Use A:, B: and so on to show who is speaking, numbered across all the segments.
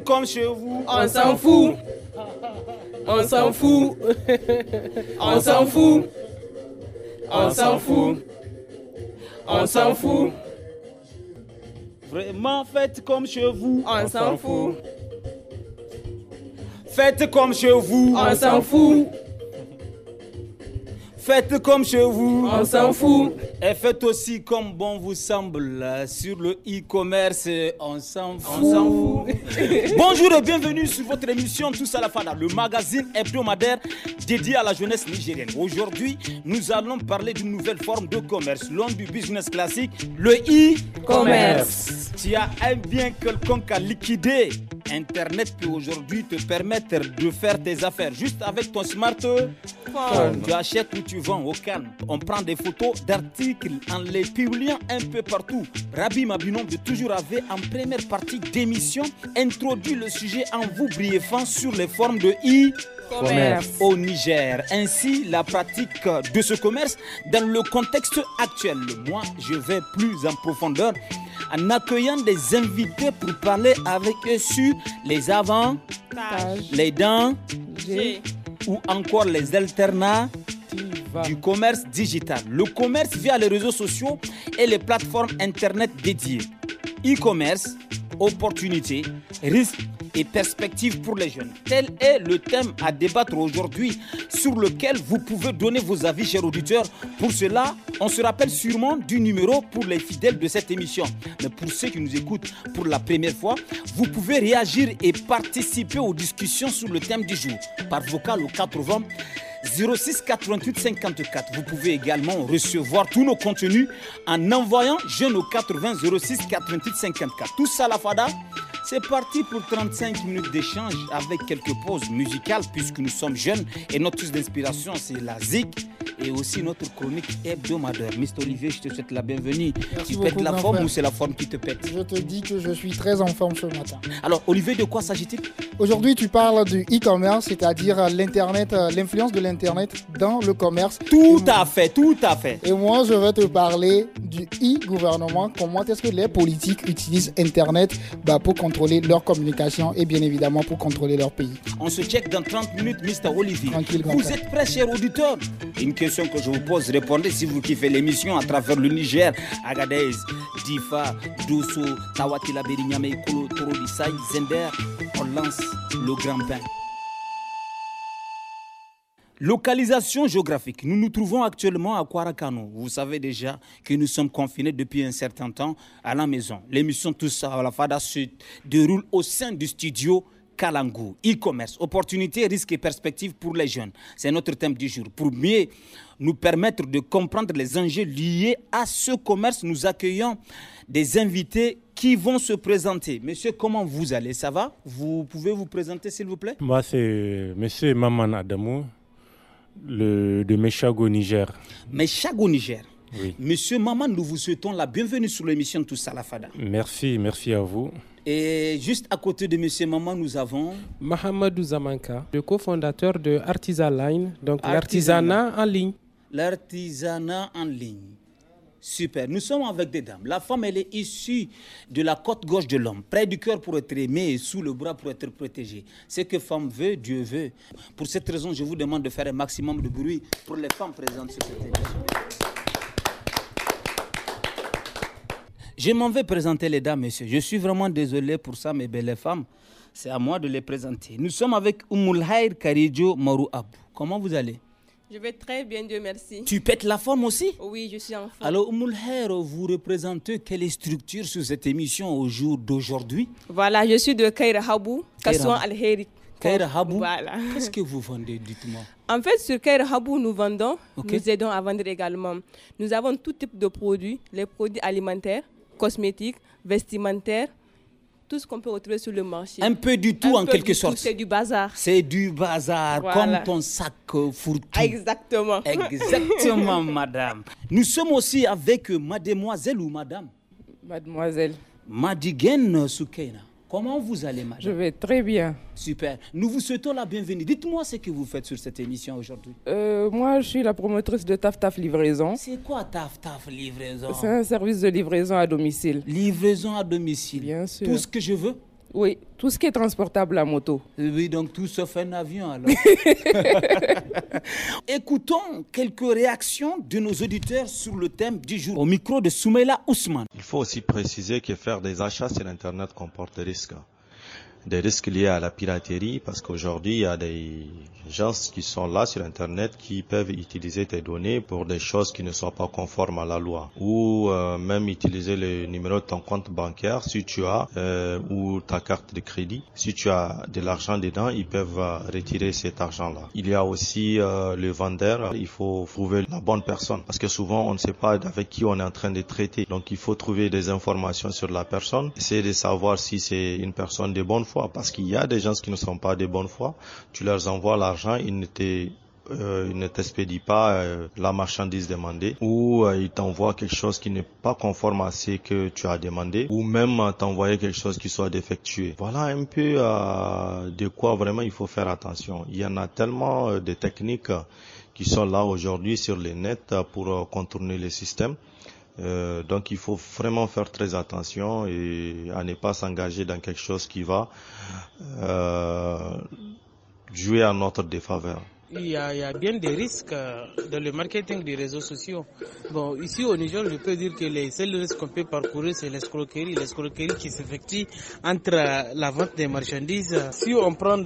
A: comme chez vous.
B: On s'en fout. On s'en fout. On s'en fout. On s'en
A: fout. On s'en fout. Vraiment, faites comme chez vous. On s'en fout. Faites comme chez vous. On s'en fout. Faites comme chez vous. On s'en fout. Et faites aussi comme bon vous semble sur le e-commerce. On s'en fout. Bonjour et bienvenue sur votre émission Tous à la Fada, le magazine hebdomadaire dédié à la jeunesse nigérienne. Aujourd'hui, nous allons parler d'une nouvelle forme de commerce, loin du business classique, le e-commerce. Tu as un bien quelconque à liquider. Internet peut aujourd'hui te permettre de faire tes affaires juste avec ton smartphone. Tu achètes ou tu vends au calme. On prend des photos d'articles en les publiant un peu partout. Rabbi Mabinon de Toujours avait en première partie d'émission introduit le sujet en vous briefant sur les formes de I. Commerce. Au Niger. Ainsi, la pratique de ce commerce dans le contexte actuel. Moi, je vais plus en profondeur en accueillant des invités pour parler avec eux sur les avant, les dents ou encore les alternats du commerce digital, le commerce via les réseaux sociaux et les plateformes Internet dédiées. E-commerce, opportunités, risques et perspectives pour les jeunes. Tel est le thème à débattre aujourd'hui sur lequel vous pouvez donner vos avis, chers auditeurs. Pour cela, on se rappelle sûrement du numéro pour les fidèles de cette émission. Mais pour ceux qui nous écoutent pour la première fois, vous pouvez réagir et participer aux discussions sur le thème du jour par vocal au 80 06 88 54. Vous pouvez également recevoir tous nos contenus en envoyant jeune 80 06 88 54. Tout ça, la fada. C'est parti pour 35 minutes d'échange avec quelques pauses musicales puisque nous sommes jeunes et notre source d'inspiration c'est la zik et aussi notre chronique hebdomadaire. Mr Olivier, je te souhaite la bienvenue. tu pètes la forme ou c'est la forme qui te pète Je te dis que je
C: suis très en forme ce matin.
A: Alors Olivier, de quoi
C: s'agit-il Aujourd'hui, tu parles du e-commerce, c'est-à-dire euh, l'internet, euh, l'influence de l'internet dans le commerce. Tout à fait, tout à fait. Et moi, je vais te parler du e-gouvernement. Comment est-ce que les politiques utilisent internet bah, pour qu'on contrôler leur communication et bien évidemment pour contrôler leur pays.
A: On se check dans 30 minutes, Mr. Olivier. vous êtes prêts, cher auditeur Une question que je vous pose, répondez si vous kiffez l'émission à travers le Niger. Agadez, Difa, Dousso, Tawatila, Berignyame, Kolo, Torodi, Zender. On lance le grand bain. Localisation géographique. Nous nous trouvons actuellement à Kwarakano. Vous savez déjà que nous sommes confinés depuis un certain temps à la maison. L'émission tout à la Fada se déroule au sein du studio Kalangu. E-commerce, opportunités, risques et perspectives pour les jeunes. C'est notre thème du jour. Pour mieux nous permettre de comprendre les enjeux liés à ce commerce, nous accueillons des invités qui vont se présenter. Monsieur, comment vous allez Ça va Vous pouvez vous présenter, s'il vous plaît
D: Moi, c'est Monsieur Maman Adamo de Meshago, Niger.
A: Meshago, Niger. Oui. Monsieur Maman, nous vous souhaitons la bienvenue sur l'émission de
D: Merci, merci à vous.
A: Et juste à côté de Monsieur Maman, nous avons
E: Mahamadou Zamanka, le cofondateur de Artisan Line, donc l'artisanat
A: en ligne. L'artisanat en ligne. Super. Nous sommes avec des dames. La femme, elle est issue de la côte gauche de l'homme, près du cœur pour être aimée et sous le bras pour être protégée. Ce que femme veut, Dieu veut. Pour cette raison, je vous demande de faire un maximum de bruit pour les femmes présentes sur cette
F: émission.
A: Je m'en vais présenter les dames, messieurs. Je suis vraiment désolé pour ça, mes belles femmes. C'est à moi de les présenter. Nous sommes avec Umulhaïr Karidjo Marou Abou. Comment vous allez
G: je vais très bien, Dieu merci. Tu
A: pètes la forme aussi
G: Oui, je suis en forme.
A: Alors, Moulher, vous représentez quelle structure sur cette émission au jour d'aujourd'hui
G: Voilà, je suis de Kaira Habou, Kassouan al Kair Habou Qu'est-ce que
A: vous vendez, dites-moi
G: En fait, sur Kair Habou, nous vendons, nous aidons à vendre également. Nous avons tout type de produits, les produits alimentaires, cosmétiques, vestimentaires, ce qu'on peut retrouver sur le marché. Un peu du tout, en quelque sorte. C'est du bazar.
A: C'est du bazar, comme ton sac euh, fourre-tout. Ah, exactement. Exactement, madame. Nous sommes aussi avec mademoiselle ou madame Mademoiselle. Madigen Soukaina. Comment vous allez, madame Je
H: vais très bien. Super. Nous vous souhaitons la bienvenue. Dites-moi ce que vous faites sur cette émission aujourd'hui. Euh, moi, je suis la promotrice de Taf Taf Livraison. C'est quoi Taf Livraison C'est un service de livraison à domicile. Livraison à domicile Bien sûr. Tout ce que je veux oui, tout ce qui est transportable à moto. Eh oui, donc tout sauf un avion alors.
A: Écoutons quelques réactions de nos auditeurs sur le thème du jour au micro de Soumela Ousmane.
B: Il faut aussi préciser que faire des achats sur Internet comporte des risques des risques liés à la piraterie parce qu'aujourd'hui, il y a des gens qui sont là sur Internet qui peuvent utiliser tes données pour des choses qui ne sont pas conformes à la loi ou euh, même utiliser le numéro de ton compte bancaire si tu as euh, ou ta carte de crédit. Si tu as de l'argent dedans, ils peuvent euh, retirer cet argent-là. Il y a aussi le vendeur. Il faut trouver la bonne personne parce que souvent, on ne sait pas avec qui on est en train de traiter. Donc, il faut trouver des informations sur la personne, essayer de savoir si c'est une personne de bonne parce qu'il y a des gens qui ne sont pas de bonne foi. Tu leur envoies l'argent, ils ne euh, ne pas euh, la marchandise demandée ou euh, ils t'envoient quelque chose qui n'est pas conforme à ce que tu as demandé ou même euh, t'envoyer quelque chose qui soit défectué. Voilà un peu de quoi vraiment il faut faire attention. Il y en a tellement de techniques qui sont là aujourd'hui sur les net pour contourner les systèmes. Euh, donc il faut vraiment faire très attention et à ne pas s'engager dans quelque chose qui va euh, jouer à notre défaveur.
E: Il y, a, bien des risques euh, dans le marketing des réseaux sociaux. Bon, ici au Niger, je peux dire que les seuls risques qu'on peut parcourir, c'est l'escroquerie, l'escroquerie qui s'effectue entre la vente des marchandises. Si on prend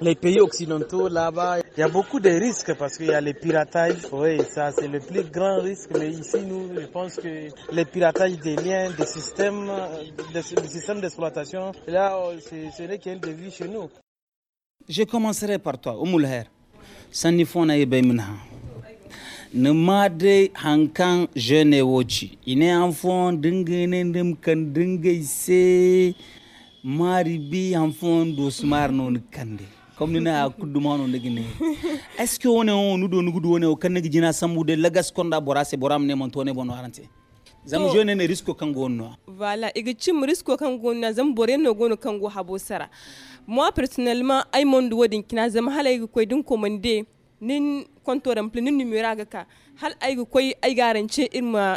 E: les pays occidentaux là-bas, il y a beaucoup de risques parce qu'il y a les piratages. Oui, ça c'est le plus grand risque. Mais ici, nous, je pense que les piratages des liens, des systèmes, des, systèmes d'exploitation, là, ce n'est qu'un vie chez nous.
A: Je commencerai par toi, Oumulher. Sanifona Ibemina. Nemade hankan jeune wochi. Ine enfant dingene ndim kan dingai se maribi enfant dosmar non kande comme nous na kuddumano ndegine est ce que one o nudo nugudu one o kannegi jina de lagas konda borase boram ne mon tone bono arante
G: zam so, oh. ne
A: risque kango onno
G: voilà et iga chim risko kango na zam bore no gono kango habo sara moi personnellement ay monde do wodin kina zam hala iga koy dun commande nin kontoran plein nin numero ga ka hal ay ko koy ay garance irma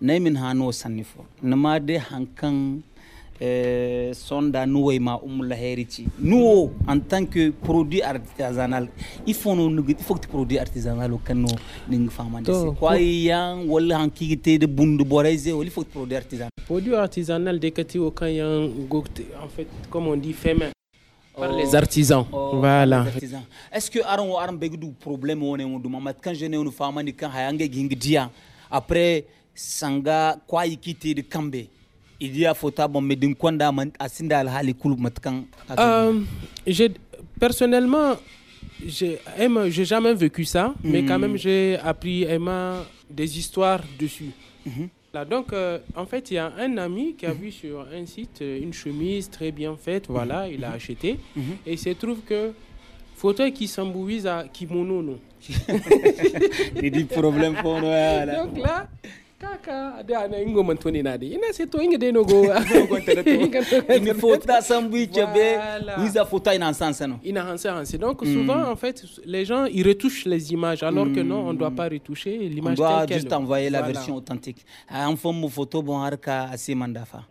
A: nay min ha no sanni fo namade hankan Euh, sonda nuwoy ma umula herici nuwo en tant que produit artisanal il faut no nugu il faut que produit artisanal o
E: kanno ning famande se quoi
A: yan wala han de bundu borayse il faut que produit
E: artisanal produit artisanal de kati o kan yan gokte en fait comme on dit fait main par les oh. artisans. Oh, voilà.
A: Est-ce que Aron ou Aron Begdou problème on est on demande quand je n'ai une femme ni quand hayange ging dia après sanga de kambe idia fota bon kwanda asinda euh,
E: j'ai personnellement j'ai j'ai jamais vécu ça mais quand hmm. même j'ai appris Emma des histoires dessus mhm. Là, donc, euh, en fait, il y a un ami qui a vu sur un site euh, une chemise très bien faite, mhm. voilà, il a acheté. Mhm. Et il se trouve que fauteuil qui s'embouise à kimono, non.
A: il dit problème pour nous. Voilà. Donc
E: là, kaka da ana ingo mantoni na de ina se to inga de no go il faut ta sambi chebe wiza fota ina hansa no ina hansa hansa hein. donc hmm. souvent en fait les gens ils retouchent les images alors que non on doit hmm. pas retoucher l'image telle qu'elle on doit juste envoyer la version authentique en ah, mon photo bon
A: arka harka mandafa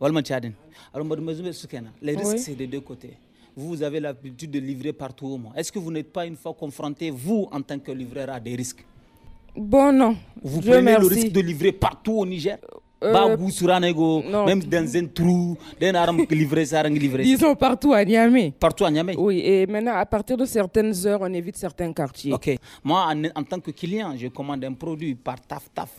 A: walma chadin alors madame sukena les risques c'est des deux côtés vous avez l'habitude de livrer partout au monde. Est-ce que vous n'êtes pas une fois confronté, vous, en tant que livreur, à des risques
H: Bon, non. Vous prenez le risque de
A: livrer partout au Niger euh, même dans un trou, dans arme livré, ça Ils sont
H: partout à Niamey. Partout à Niamey. Oui, et maintenant, à partir de certaines heures, on évite certains quartiers. Ok. Moi,
A: en, tant que client, je commande un produit par taf-taf.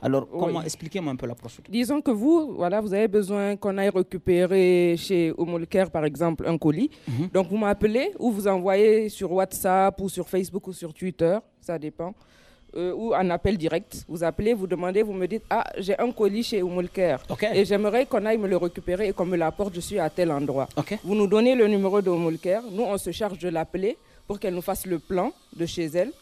A: Alors, comment expliquez-moi un peu la procédure
H: Disons que vous, voilà, vous avez besoin qu'on aille récupérer chez Omolker, par exemple, un colis. Mhm. Donc, vous m'appelez ou vous envoyez sur WhatsApp ou sur Facebook ou sur Twitter, ça dépend. Euh, ou en appel direct. Vous appelez, vous demandez, vous me dites Ah, j'ai un colis chez Oumulker et j'aimerais qu'on aille me le récupérer et qu'on me l'apporte, je suis à tel endroit. Vous nous donnez le numéro de Oumolker, nous on se charge de l'appeler pour qu'elle nous fasse le plan de chez elle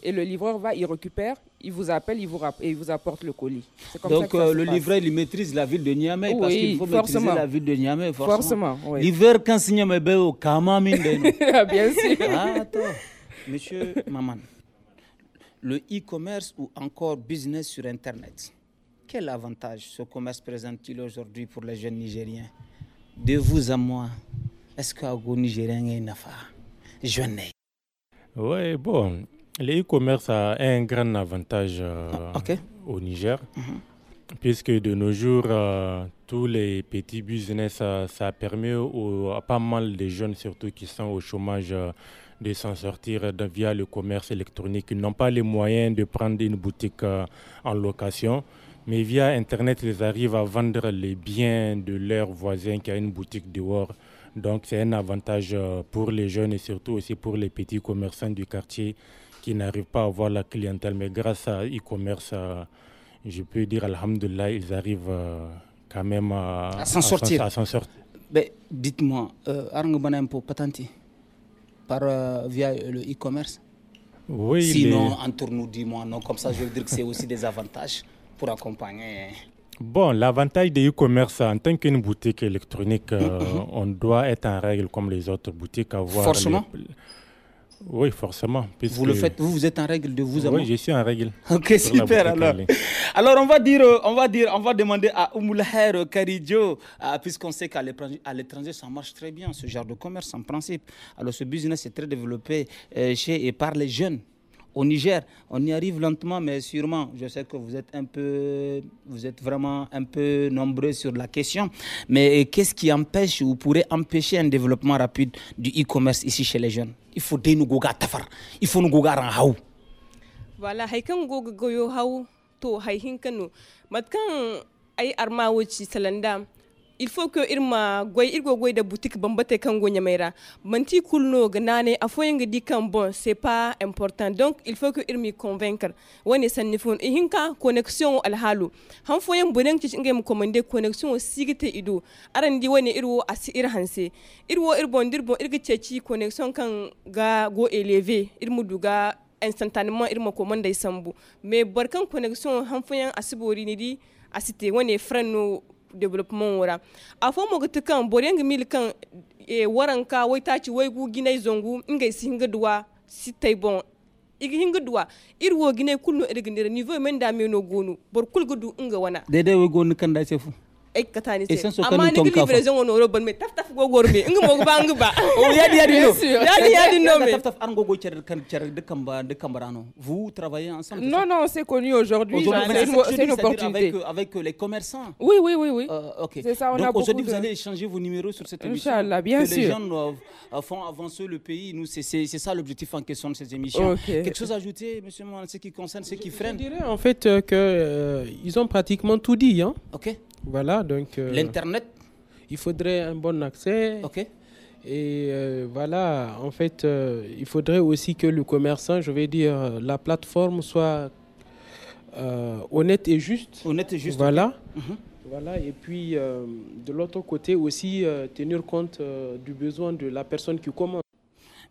H: et le livreur va, il récupère, il vous appelle, il vous et il vous apporte le colis. Donc euh, le livreur, il
A: maîtrise la ville de Niamey parce qu'il faut maîtriser la ville de Niamey, forcément. forcément oui. L'hiver, quand Niamey Bien sûr. Ah, Monsieur Maman le e-commerce ou encore business sur Internet. Quel avantage ce commerce présente-t-il aujourd'hui pour les jeunes Nigériens De vous à moi, est-ce qu'Ago Nigérien est une affaire Jeune.
D: Oui, bon, le e-commerce a un grand avantage euh, au Niger. Mhm. Puisque de nos jours, euh, tous les petits business, euh, ça, permet à pas mal de jeunes, surtout qui sont au chômage, de s'en sortir via le commerce électronique. Ils n'ont pas les moyens de prendre une boutique euh, en location. Mais via Internet, ils arrivent à vendre les biens de leurs voisins qui a une boutique dehors. Donc c'est un avantage euh, pour les jeunes et surtout aussi pour les petits commerçants du quartier qui n'arrivent pas à avoir la clientèle. Mais grâce à e-commerce, euh, je peux dire, Alhamdulillah, ils arrivent quand même à, s'en sortir.
A: Dites-moi, euh, patanti par, euh, via euh, le e-commerce
D: Oui. Sinon,
A: les... nous dis-moi. Non, comme ça, je veux dire que c'est aussi des avantages pour accompagner. Hein.
D: Bon, l'avantage des e-commerce, en tant qu'une boutique électronique, euh, mm-hmm. on doit être en règle comme les autres boutiques, avoir. Forcément. Oui, forcément. Vous le faites,
A: vous, êtes en règle
D: de vous avoir. Oui, je suis en règle. Ok, super. Alors.
A: alors, on va dire, euh, on va dire, on va demander à Oumoulaher Karidjo, euh, puisqu'on sait qu'à l'étranger, ça marche très bien, ce genre de commerce en principe. Alors, ce business est très développé euh, chez et par les jeunes au Niger. On y arrive lentement, mais sûrement. Je sais que vous êtes un peu, vous êtes vraiment un peu nombreux sur la question. Mais euh, qu'est-ce qui empêche ou pourrait empêcher un développement rapide du e-commerce ici chez les jeunes Il faut des nougoga tafar. Il faut en haou.
G: Voilà, gogo haou to kanu. ay arma salanda il faut que irma goy irgo goy da boutique bambate te manti kulno gnane afoyeng di kan bon c'est pas important donc il faut que irmi convaincre woni et hinka connexion alhalu han foyen bonen ci ngem commande connexion sigite ido arandi woni irwo asi irhanse irwo irbon dirbo irga connexion kan ga go élevé irmu duga instantanément irma commande sambu mais barkan connexion han asibori ni di asite woni frano développement a afo mo gata kan boreng mil kan e waranka wai taci wai gu zongu inga singa dwa si tay bon igi hinga dwa irwo wo kulnu kulno niveau men da gonu bor kulgudu inga wana
A: dede we gonu kan da
G: ai ka tani eh, sai amma ni gili bere zan wono taf taf go gorme in mo ba ngi ba o oh, yadi yadi no yadi yadi no me taf
A: taf ar go go cer kan cer de kamba de cambarano vous travaillez ensemble non non c'est connu aujourd'hui c'est une, opportunité euh, avec, euh, les commerçants
H: oui oui oui oui euh, ok c'est ça on se aujourd'hui vous allez
A: échanger vos numéros sur cette émission Inch'Allah, bien sûr les jeunes font avancer le pays nous c'est c'est ça l'objectif en question de ces émissions quelque chose à ajouter
E: monsieur en ce qui concerne ce qui freine je dirais en fait que ils ont pratiquement tout dit hein ok voilà, donc. Euh, L'Internet Il faudrait un bon accès. OK. Et euh, voilà, en fait, euh, il faudrait aussi que le commerçant, je vais dire, la plateforme soit honnête et juste. Honnête et juste. Voilà. Mhm. Voilà, et puis de l'autre côté aussi, tenir compte du besoin de la personne qui commande.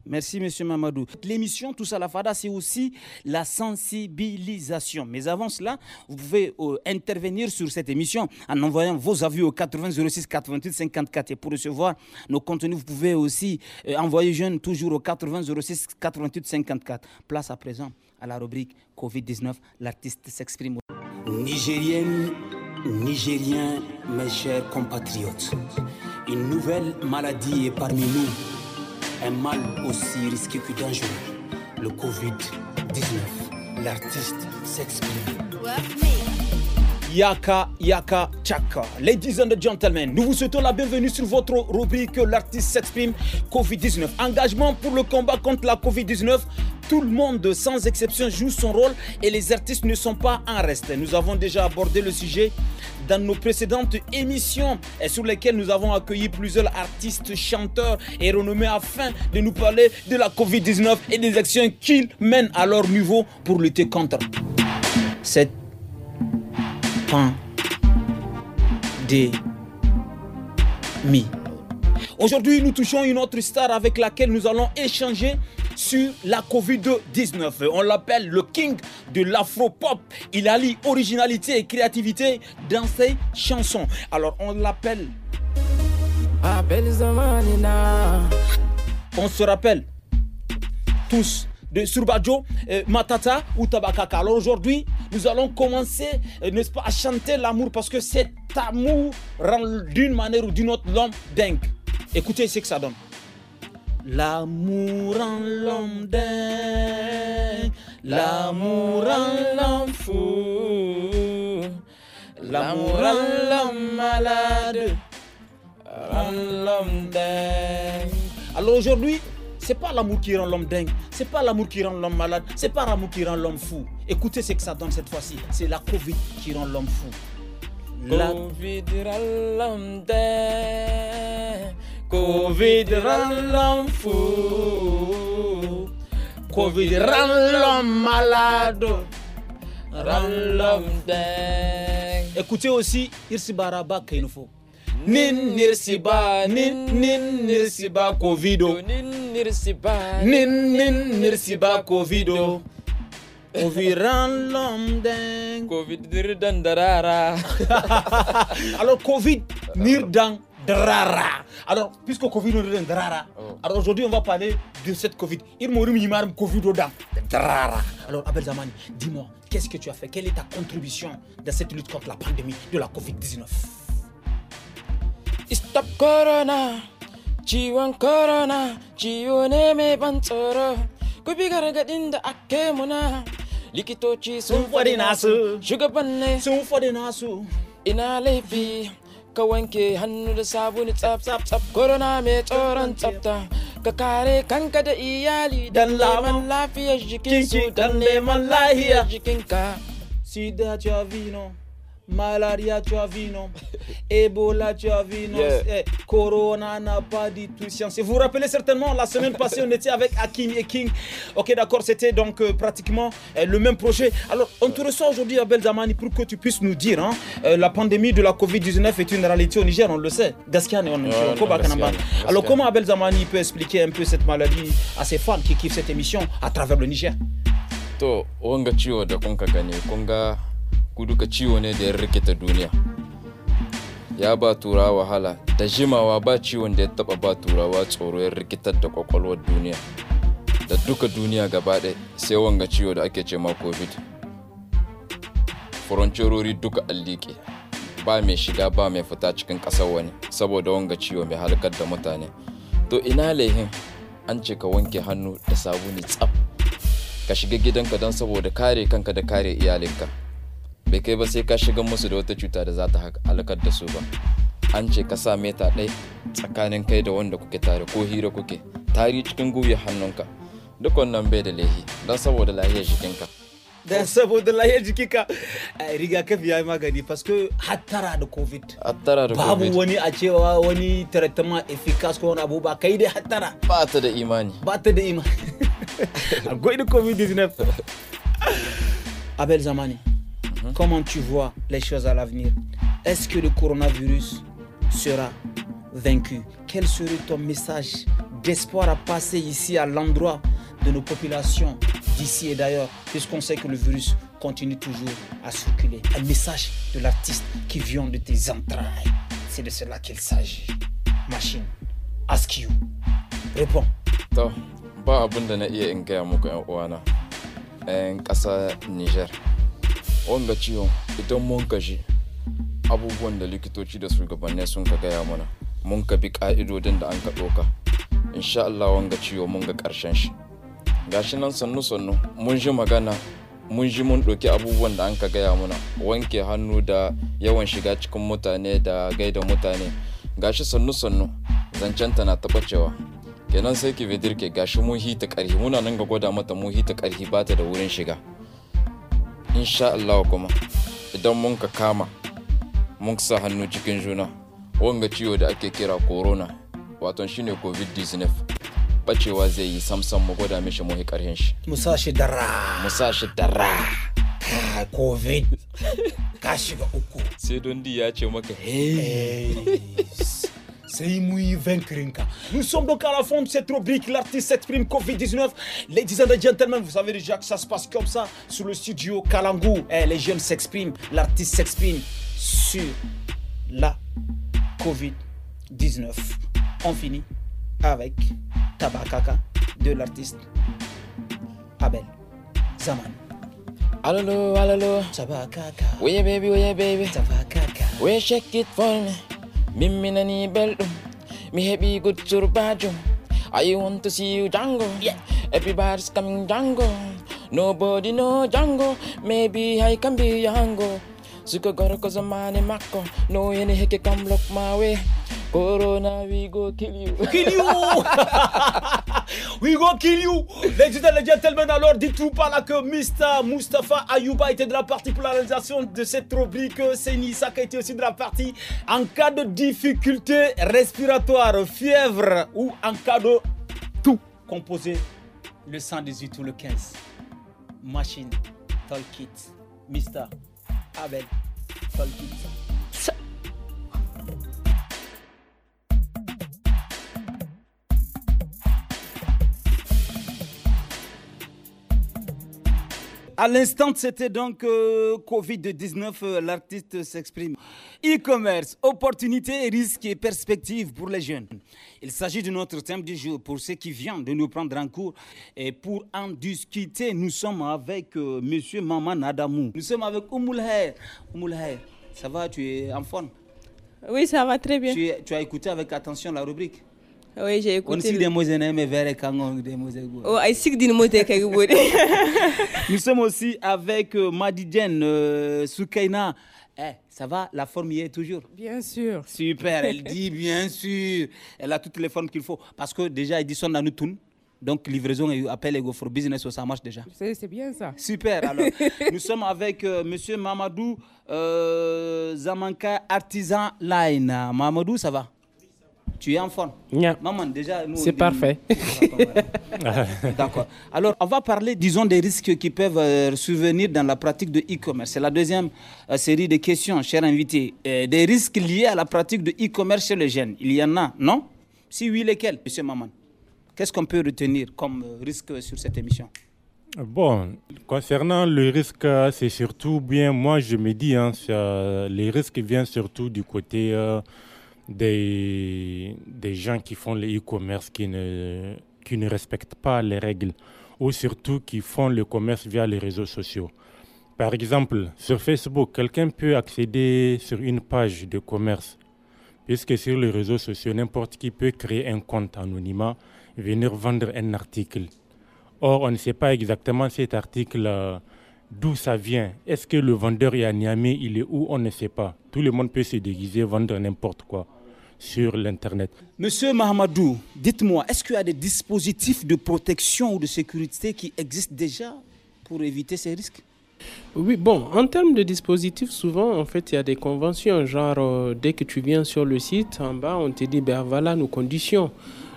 E: Merci, Monsieur Mamadou. L'émission Tous à la Fada, c'est aussi
A: la sensibilisation. Mais avant cela, vous pouvez euh, intervenir sur cette émission en envoyant vos avis au 80 06 88 54. Et pour recevoir nos contenus, vous pouvez aussi euh, envoyer jeunes toujours au 80 06 88 54. Place à présent à la rubrique Covid-19. L'artiste s'exprime. Nigérienne, Nigérien, mes chers compatriotes, une nouvelle maladie est parmi nous un mal aussi risqué que dangereux, le Covid-19. L'artiste s'exprime. Yaka Yaka Chaka. Ladies and gentlemen, nous vous souhaitons la bienvenue sur votre rubrique L'artiste s'exprime Covid-19. Engagement pour le combat contre la Covid-19. Tout le monde, sans exception, joue son rôle et les artistes ne sont pas en reste. Nous avons déjà abordé le sujet dans nos précédentes émissions et sur lesquelles nous avons accueilli plusieurs artistes, chanteurs et renommés afin de nous parler de la Covid-19 et des actions qu'ils mènent à leur niveau pour lutter contre cette mi. Aujourd'hui, nous touchons une autre star avec laquelle nous allons échanger sur la Covid-19. On l'appelle le king de l'afro-pop. Il allie originalité et créativité dans ses chansons. Alors, on l'appelle... On se rappelle tous de Surbajo, euh, Matata ou Tabakaka. Alors aujourd'hui, nous allons commencer, euh, n'est-ce pas, à chanter l'amour parce que cet amour rend d'une manière ou d'une autre l'homme dingue. Écoutez ce que ça donne. L'amour rend l'homme dingue, l'amour rend l'homme fou, l'amour
I: rend l'homme
A: malade, rend l'homme dingue. Alors aujourd'hui, c'est pas l'amour qui rend l'homme dingue, c'est pas l'amour qui rend l'homme malade, c'est pas l'amour qui rend l'homme fou. Écoutez ce que ça donne cette fois-ci, c'est la Covid qui rend l'homme fou.
H: Covid rend l'homme dingue, Covid rend l'homme fou,
E: Covid rend
H: l'homme malade,
E: rend l'homme
A: dingue. Écoutez aussi Irsi Baraba faut nin nirsiba nin nin nirsiba covido
I: nin nirsiba nin
A: nin nirsiba covido on l'homme d'un covid NIRDAN drara. alors covid NIRDAN drara alors puisque covid NIRDAN drara. Oh. alors aujourd'hui on va parler de cette covid il mourut yimarim covid alors Abel Zamani dis-moi qu'est-ce que tu as fait quelle est ta contribution dans cette lutte contre la pandémie de la covid 19 Stop corona, ciwon
I: corona, ciwo ne mai ban tsoro. Ku gargaɗin da ake muna. Likitoci sun faɗi nasu, shugaban ne sun faɗi nasu. Ina laifi ka wanke hannu da sabuni tsaf tsaf tsaf corona mai tsoron tsafta.
A: ka kare kanka da iyali dan neman lafiyar jikinsu dan neman lahiyar jikinka. Sida Javino. Malaria, tu as vu, non Ebola, tu as vu, eh, Corona n'a pas dit tout science. vous vous rappelez certainement, la semaine passée, on était avec Akin et King. Ok, d'accord, c'était donc euh, pratiquement eh, le même projet. Alors, on te reçoit aujourd'hui, Abel Zamani, pour que tu puisses nous dire hein, euh, la pandémie de la Covid-19 est une réalité au Niger, on le sait. Alors, comment Abel Zamani peut expliquer un peu cette maladie à ses fans qui kiffent cette émission à travers le Niger
I: ku ciwo ne da ya rikita duniya ya ba tura wahala da jimawa ba ciwon da ya taba ba turawa tsoro ya rikitar da kwakwalwar duniya da duka duniya gaba ɗaya sai wanga ciwo da ake ce ma covid furancerori duka allike ba mai shiga ba mai fita cikin ƙasar wani saboda wanga ciwo mai halkar da mutane to ina laihin an ce ka wanke hannu da sabuni tsaf ka shiga gidanka don saboda kare kanka da kare iyalinka bai kai ba sai ka shiga musu da wata cuta da za ta halakar da su ba an ce ka sa meta ɗai tsakanin kai da wanda kuke tare ko hira kuke tari cikin gwiwa hannunka duk wannan bai da laihi don saboda lahiyar jikinka
A: don saboda lahiyar jikinka rigakafi ya yi magani fasko hattara da covid hattara da covid babu wani a cewa wani tarattama efikas ko wani abu ba kai dai hattara ba ta da imani ba ta da imani akwai da covid-19 abel zamani Mhm. Comment tu vois les choses à l'avenir Est-ce que le coronavirus sera vaincu Quel serait ton message d'espoir à passer ici à l'endroit de nos populations d'ici et d'ailleurs, puisqu'on sait que le virus continue toujours à circuler. Un message de l'artiste qui vient de tes entrailles. C'est de cela qu'il s'agit. Machine, ask you.
I: Réponds. To, ba na Niger. wanga ciwon idan mun gaji abubuwan da likitoci da shugabanni sun ka gaya mana mun ka bi ka'idodin da an ka ɗoka insha Allah wanga ciwo mun ga ƙarshen shi gashi nan sannu sannu mun ji magana mun ji mun ɗauki abubuwan da an ka gaya mana wanke hannu da yawan shiga cikin mutane da gaida mutane gashi sannu sannu zancen ta na cewa kenan sai ki vidirke gashi mun hita ƙarhi muna nan ga gwada mata mun hita ƙarhi ba ta da wurin shiga insha Allah kuma idan mun ka kama mun sa hannu cikin juna wanga ciwo da ake kira corona wato shine covid-19 bacewa zai yi samsam mu gwada mishi mu karhin shi
A: musashi dara
I: musashi dara
A: ka covid
I: ka shiga uku sai dondi ya ce
A: maka hey Nous sommes donc à la fin de cette rubrique, l'artiste s'exprime Covid-19. Ladies and gentlemen, vous savez déjà que ça se passe comme ça sur le studio Kalangu. Eh, les jeunes s'expriment, l'artiste s'exprime sur la Covid-19. On finit avec Tabakaka de l'artiste Abel Zaman. allo, allo. Tabakaka. Oui, baby, oui, baby. Tabakaka. Oui,
I: check it for me. min mi nani belɗum mi i want to see you jango yeah. everybody's coming jango nobody no jango maybe i can be yango suka kaza zamane Mako, no yene heke kam lok mawe
A: corona
I: we go kill you kill you
A: We go kill you. Ladies and gentlemen, alors dites-vous par là que Mr. Mustafa Ayuba était de la partie pour la réalisation de cette rubrique. C'est Nissa qui était aussi de la partie. En cas de difficulté respiratoire, fièvre ou en cas de tout, composé le 118 ou le 15. Machine, it. Mr. Abel, talkit. À l'instant, c'était donc euh, Covid-19, euh, l'artiste s'exprime. E-commerce, opportunités, risques et perspectives pour les jeunes. Il s'agit de notre thème du jour. Pour ceux qui viennent de nous prendre en cours et pour en discuter, nous sommes avec euh, Monsieur Maman Adamou. Nous sommes avec Oumoul Oumoulher, ça va, tu es en forme
G: Oui, ça va très bien. tu as écouté avec attention la rubrique oui, j'ai écouté. On des mots
A: mais vers les des
G: Oh, des
A: Nous sommes aussi avec euh, Madi Madidjen euh, Soukaina. Eh, ça va La forme y est toujours Bien sûr. Super, elle dit bien sûr. Elle a toutes les formes qu'il faut. Parce que déjà, elle dit son anoutoun. Donc, livraison et appel Ego for Business, ça marche déjà.
H: C'est bien ça. Super.
A: Alors, nous sommes avec euh, Monsieur Mamadou Zamanka Artisan Line. Mamadou, ça va tu es en forme Maman, déjà, C'est parfait. D'accord. Alors, on va parler, disons, des risques qui peuvent euh, survenir dans la pratique de e-commerce. C'est la deuxième euh, série de questions, cher invité. Euh, des risques liés à la pratique de e-commerce chez les jeunes, il y en a, non Si oui, lesquels, monsieur Maman Qu'est-ce qu'on peut retenir comme risque sur cette émission
D: Bon, concernant le risque, c'est surtout bien, moi je me dis, hein, les risques viennent surtout du côté des, gens qui font le e-commerce qui ne, qui ne respectent pas les règles ou surtout qui font le commerce via les réseaux sociaux. Par exemple, sur Facebook, quelqu'un peut accéder sur une page de commerce, puisque sur les réseaux sociaux, n'importe qui peut créer un compte anonymat, venir vendre un article. Or, on ne sait pas exactement cet article, euh, d'où ça vient. Est-ce que le vendeur est à Niamey, il est où, on ne sait pas. Tout le monde peut se déguiser, vendre n'importe quoi sur l'Internet. Monsieur Mahamadou, dites-moi, est-ce qu'il
A: y a des dispositifs de protection ou de sécurité qui existent déjà pour éviter ces
E: risques oui, bon, en termes de dispositifs, souvent, en fait, il y a des conventions, genre, euh, dès que tu viens sur le site, en bas, on te dit, ben voilà nos conditions.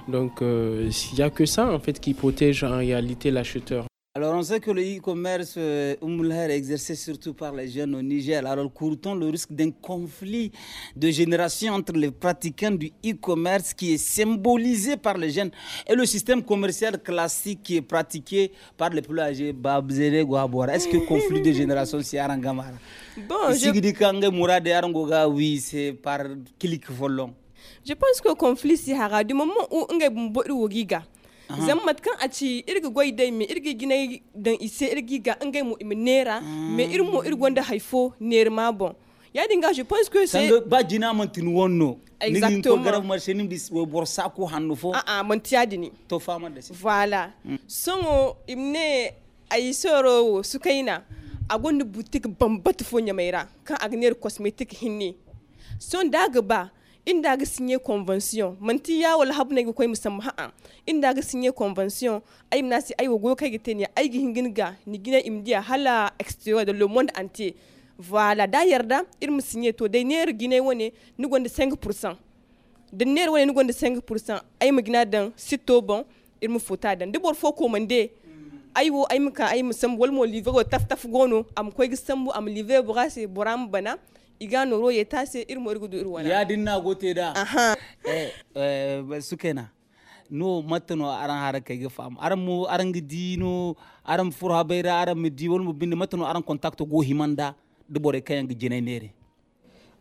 E: Donc, euh, il n'y a que ça, en fait, qui protège en réalité l'acheteur.
A: Alors, on sait que le e-commerce, euh, est exercé surtout par les jeunes au Niger. Alors, courtons le risque d'un conflit de génération entre les pratiquants du e-commerce qui est symbolisé par les jeunes et le système commercial classique qui est pratiqué par les plus âgés, Babzere Gouabouara Est-ce que conflit de génération, c'est Arangamara Bon, je... Oui, c'est
G: par clic volant. Je pense que le conflit, c'est du moment où on zammat kan a ci irga goydai me irga dan ise irgi ga an mu nera ah. me irmo irgonda haifo ner ma bon ya dinga je pense que c'est ba jina man tin wonno exactement ko garab marché nim dis wo bor ko hanno fo a a man tiadini to fama da voilà hmm. songo imne ay soro sukaina agon boutique bambat fo nyamaira kan agner cosmétique hinni son dagba ba inda ga sinye convention manti ya wala habna ga koy musam ha'a inda ga sinye convention ay nasi ay go kay gitenya ay gi hingin ga ni gina imdia hala exterior de le monde entier voilà da yarda ir mu sinye to dai ner gine wone ni gonde 5% de ner wone ni gonde 5% ay mu gina dan sito bon ir mu fota dan de bor faut ko mande ay wo ay mu ka ay musam wal mo livre taf taf gono am koy gi sambu am livre bora boram bana igano ya ta sai irin wani gudu irwana ya dinna gote aha eh, eh su sukena no
A: matano aran hara kayga faam aran mu aran dino aran furha bayra aran diwol mu binde matano aran contact go himanda de bore kayang jenenere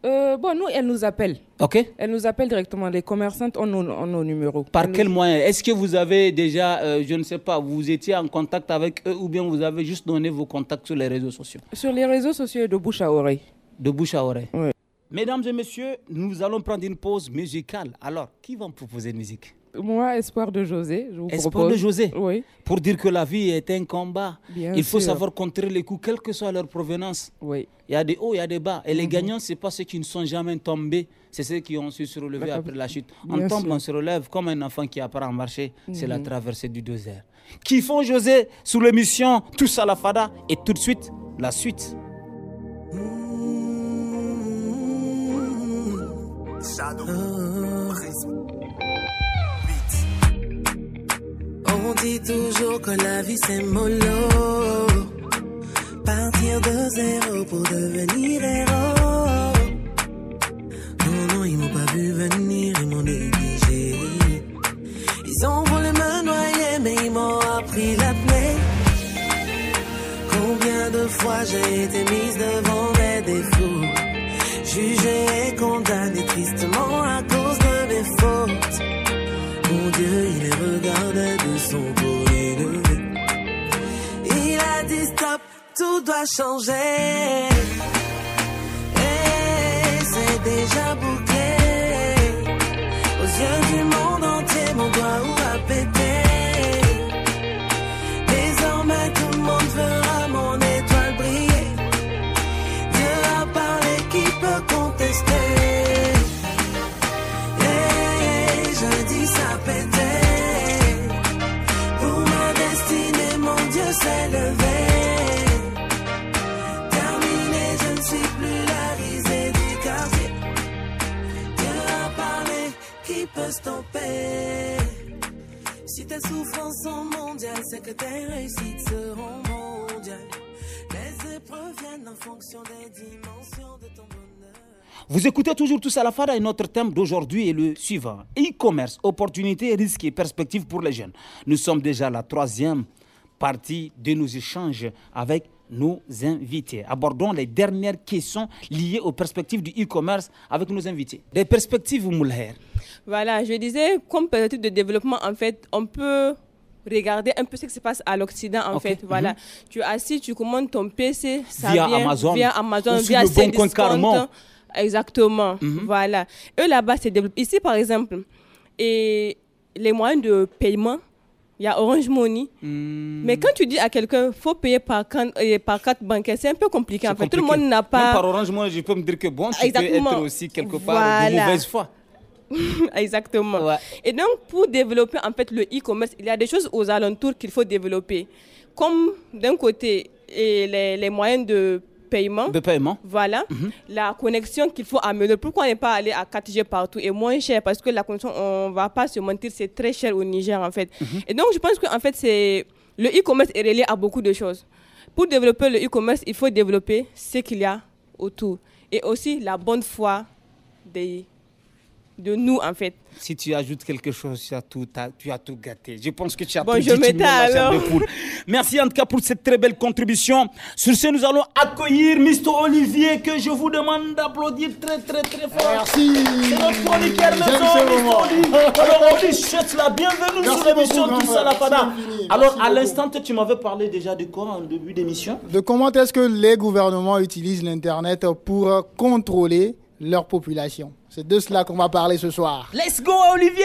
H: Euh, bon, nous, elle nous appelle. OK. Elle nous appelle directement. Les commerçantes ont nos, ont nos numéros. Par quel nous... moyen Est-ce que
A: vous avez déjà, euh, je ne sais pas, vous étiez en contact avec eux ou bien vous avez juste donné vos contacts sur les réseaux sociaux
H: Sur les réseaux sociaux de bouche à oreille de bouche à oreille.
A: Mesdames et messieurs, nous allons prendre une pause musicale. Alors, qui va me proposer de musique
H: Moi, Espoir de José. Je vous Espoir de
A: José Oui. Pour dire que la vie est un combat. il faut savoir contrer les coups, quelle que soit leur provenance. Oui. Il y a des hauts, il y a des bas. Et les mhm. gagnants, ce n'est pas ceux qui ne sont jamais tombés, c'est ceux qui ont su se relever après la chute. on on se relève comme un enfant qui apprend à marcher. C'est la mhm. traversée du désert. Qui font José sous l'émission Tous à la Fada. Et tout de suite, la suite.
F: Hum. On dit toujours que la vie c'est mollo. Partir de zéro pour devenir héros. Non, non, ils m'ont pas vu venir, ils m'ont négligé. Ils ont voulu me noyer, mais ils m'ont appris la paix Combien de fois j'ai été mise devant mes défauts. J'ai condamné tristement à cause de mes fautes. Mon Dieu, il les regardait de son côté. Il a dit stop, tout doit changer. Et c'est déjà bouclé aux yeux du monde.
A: Vous écoutez toujours tout à la fin. et notre thème d'aujourd'hui est le suivant e-commerce, opportunités, risques et perspectives pour les jeunes. Nous sommes déjà à la troisième partie de nos échanges avec nos invités. Abordons les dernières questions liées aux perspectives du e-commerce avec nos invités. Des perspectives, Moulher.
G: Voilà, je disais, comme perspective de développement, en fait, on peut regarder un peu ce qui se passe à l'Occident, en fait. Voilà. Mhm. Tu as si tu commandes ton PC, ça via vient Amazon. via Amazon, via Exactement. Mhm. Voilà. Eux, là-bas, c'est développé. Ici, par exemple, et les moyens de paiement il y a Orange Money. Hmm. Mais quand tu dis à quelqu'un, faut payer par, euh, par carte bancaire, c'est un peu compliqué. En fait, tout le monde n'a pas. Même par Orange Money, je peux me dire que bon, tu peut peux être aussi quelque part de mauvaise foi. Exactement. Et donc, pour développer en fait le e-commerce, il y a des choses aux alentours qu'il faut développer. Comme d'un côté, les moyens de paiement. De paiement. Voilà. Mhm. La connexion qu'il faut amener. Pourquoi on n'est pas allé à 4G partout et moins cher Parce que la connexion, on ne va pas se mentir, c'est très cher au Niger en fait. Mhm. Et donc je pense qu'en fait, c'est le e-commerce est relié à beaucoup de choses. Pour développer le e-commerce, il faut développer ce qu'il y a autour et aussi la bonne foi des de nous en fait.
A: Si tu ajoutes quelque chose, tu as tout, tu as tout gâté. Je pense que tu as bon, je alors. Merci en tout cas pour cette très belle contribution. Sur ce, nous allons accueillir Mr. Olivier que je vous demande d'applaudir très très très fort. Merci. C'est notre Alors la bienvenue sur l'émission du à Alors à l'instant, tu m'avais parlé déjà de quoi en début d'émission
C: De comment est-ce que les gouvernements utilisent l'Internet pour contrôler leur population. C'est de cela qu'on va parler ce soir. Let's go, Olivier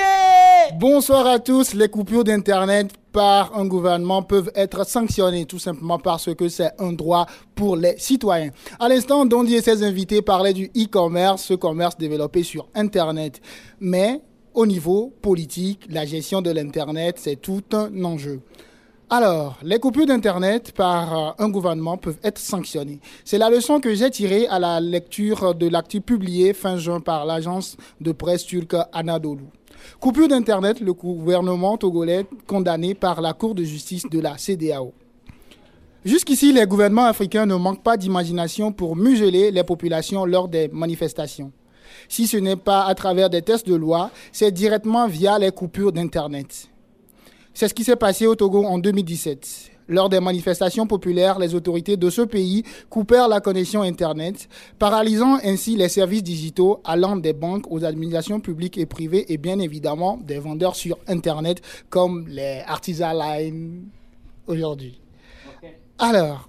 C: Bonsoir à tous. Les coupures d'Internet par un gouvernement peuvent être sanctionnées tout simplement parce que c'est un droit pour les citoyens. À l'instant, Dondi et ses invités parlaient du e-commerce, ce commerce développé sur Internet. Mais au niveau politique, la gestion de l'Internet, c'est tout un enjeu. Alors, les coupures d'Internet par euh, un gouvernement peuvent être sanctionnées. C'est la leçon que j'ai tirée à la lecture de l'actu publié fin juin par l'agence de presse turque Anadolu. Coupure d'Internet, le gouvernement togolais condamné par la Cour de justice de la CDAO. Jusqu'ici, les gouvernements africains ne manquent pas d'imagination pour museler les populations lors des manifestations. Si ce n'est pas à travers des tests de loi, c'est directement via les coupures d'Internet. C'est ce qui s'est passé au Togo en 2017. Lors des manifestations populaires, les autorités de ce pays coupèrent la connexion Internet, paralysant ainsi les services digitaux allant des banques aux administrations publiques et privées et bien évidemment des vendeurs sur Internet comme les Artisan Line aujourd'hui. Alors,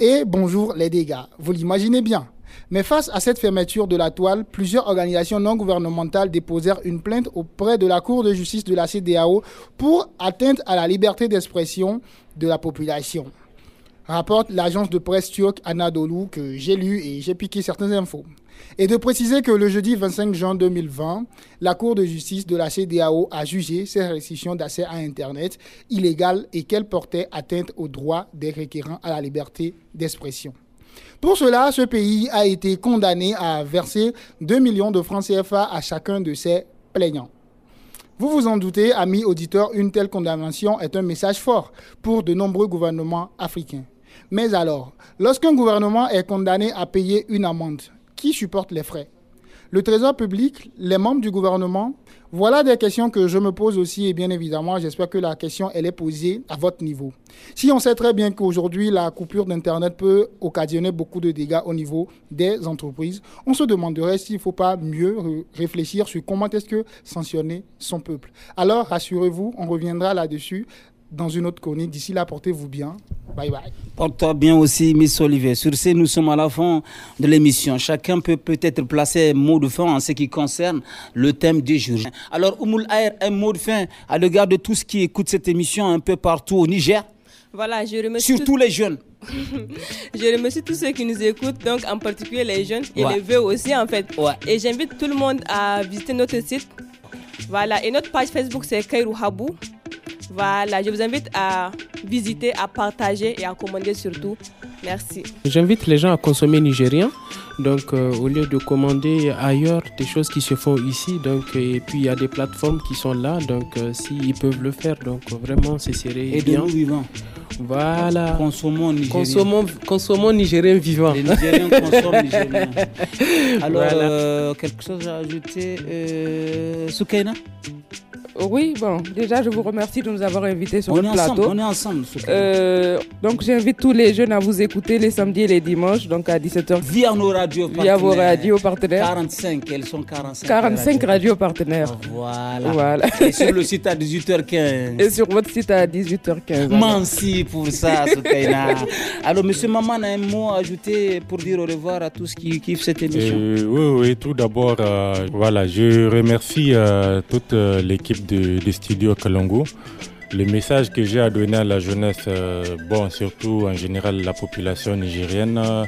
C: et bonjour les dégâts. Vous l'imaginez bien, mais face à cette fermeture de la toile, plusieurs organisations non gouvernementales déposèrent une plainte auprès de la Cour de justice de la CDAO pour atteinte à la liberté d'expression de la population. Rapporte l'agence de presse turque Anadolu que j'ai lu et j'ai piqué certaines infos. Et de préciser que le jeudi 25 juin 2020, la Cour de justice de la CDAO a jugé ces restrictions d'accès à Internet illégales et qu'elles portaient atteinte aux droits des requérants à la liberté d'expression. Pour cela, ce pays a été condamné à verser 2 millions de francs CFA à chacun de ses plaignants. Vous vous en doutez, amis auditeurs, une telle condamnation est un message fort pour de nombreux gouvernements africains. Mais alors, lorsqu'un gouvernement est condamné à payer une amende, qui supporte les frais le Trésor public, les membres du gouvernement, voilà des questions que je me pose aussi et bien évidemment, j'espère que la question, elle est posée à votre niveau. Si on sait très bien qu'aujourd'hui, la coupure d'Internet peut occasionner beaucoup de dégâts au niveau des entreprises, on se demanderait s'il ne faut pas mieux réfléchir sur comment est-ce que sanctionner son peuple. Alors, rassurez-vous, on reviendra là-dessus dans une autre chronique. D'ici là, portez-vous bien. Bye bye.
A: Porte-toi bien aussi, Miss Olivier. Sur ce, nous sommes à la fin de l'émission. Chacun peut peut-être placer un mot de fin en ce qui concerne le thème du jour. Alors, Oumoul Air, un mot de fin à l'égard de tous ceux qui écoutent cette émission un peu partout au Niger.
G: Voilà, je remercie. Surtout les jeunes. je remercie tous ceux qui nous écoutent, donc en particulier les jeunes et les veux aussi, en fait. Et j'invite tout le monde à visiter notre site. Voilà, et notre page Facebook, c'est Kairou Habou. Voilà, je vous invite à visiter, à partager et à commander surtout. Merci.
E: J'invite les gens à consommer nigérien. Donc, euh, au lieu de commander ailleurs des choses qui se font ici, donc, euh, et puis il y a des plateformes qui sont là, donc euh, s'ils peuvent le faire, donc vraiment, c'est serré. Et bien. vivant. nous vivants. Voilà. Consommons nigérien. Consommons, vivant. Les Nigériens consomment nigérien. Alors, quelque
H: chose à ajouter, Soukaina euh, oui, bon, déjà, je vous remercie de nous avoir invités sur le plateau. on est ensemble. Euh, donc, j'invite tous les jeunes à vous écouter les samedis et les dimanches, donc à 17h. Via nos radios partenaires. Via vos radios partenaires. 45, elles sont 45. 45 radios, partenaires.
A: Voilà. Et sur le site à 18h15. Et sur votre site à 18h15. Merci pour ça, Soukaina. Alors, monsieur Maman a un mot à ajouter pour dire au revoir à tous qui kiffent cette émission.
D: Euh, oui, oui, tout d'abord, euh, voilà, je remercie toute l'équipe de, Studio Kalongo. Le message que j'ai à donner à la jeunesse, euh, bon, surtout en général la population nigérienne, euh,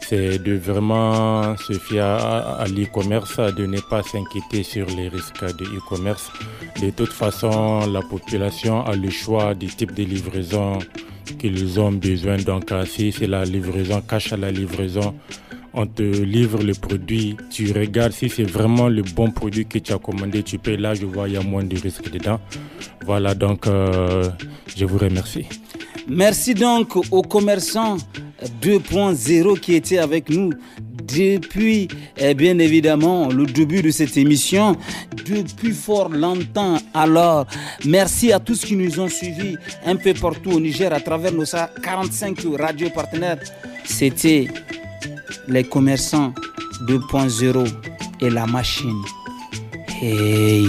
D: c'est de vraiment se fier à, l'e-commerce, de ne pas s'inquiéter sur les risques de e-commerce. De toute façon, la population a le choix du type de livraison qu'ils ont besoin. Donc, euh, si c'est la livraison cache à la livraison, on te livre le produit, tu regardes si c'est vraiment le bon produit que tu as commandé, tu payes. Là, je vois, il y a moins de risques dedans. Voilà, donc, euh, je vous remercie.
A: Merci donc
D: aux commerçants
A: 2.0 qui étaient avec nous depuis, eh bien évidemment, le début de cette émission, depuis fort longtemps. Alors, merci à tous qui nous ont suivis un peu partout au Niger à travers nos 45 radios partenaires. C'était les commerçants 2.0 et la machine. Hey.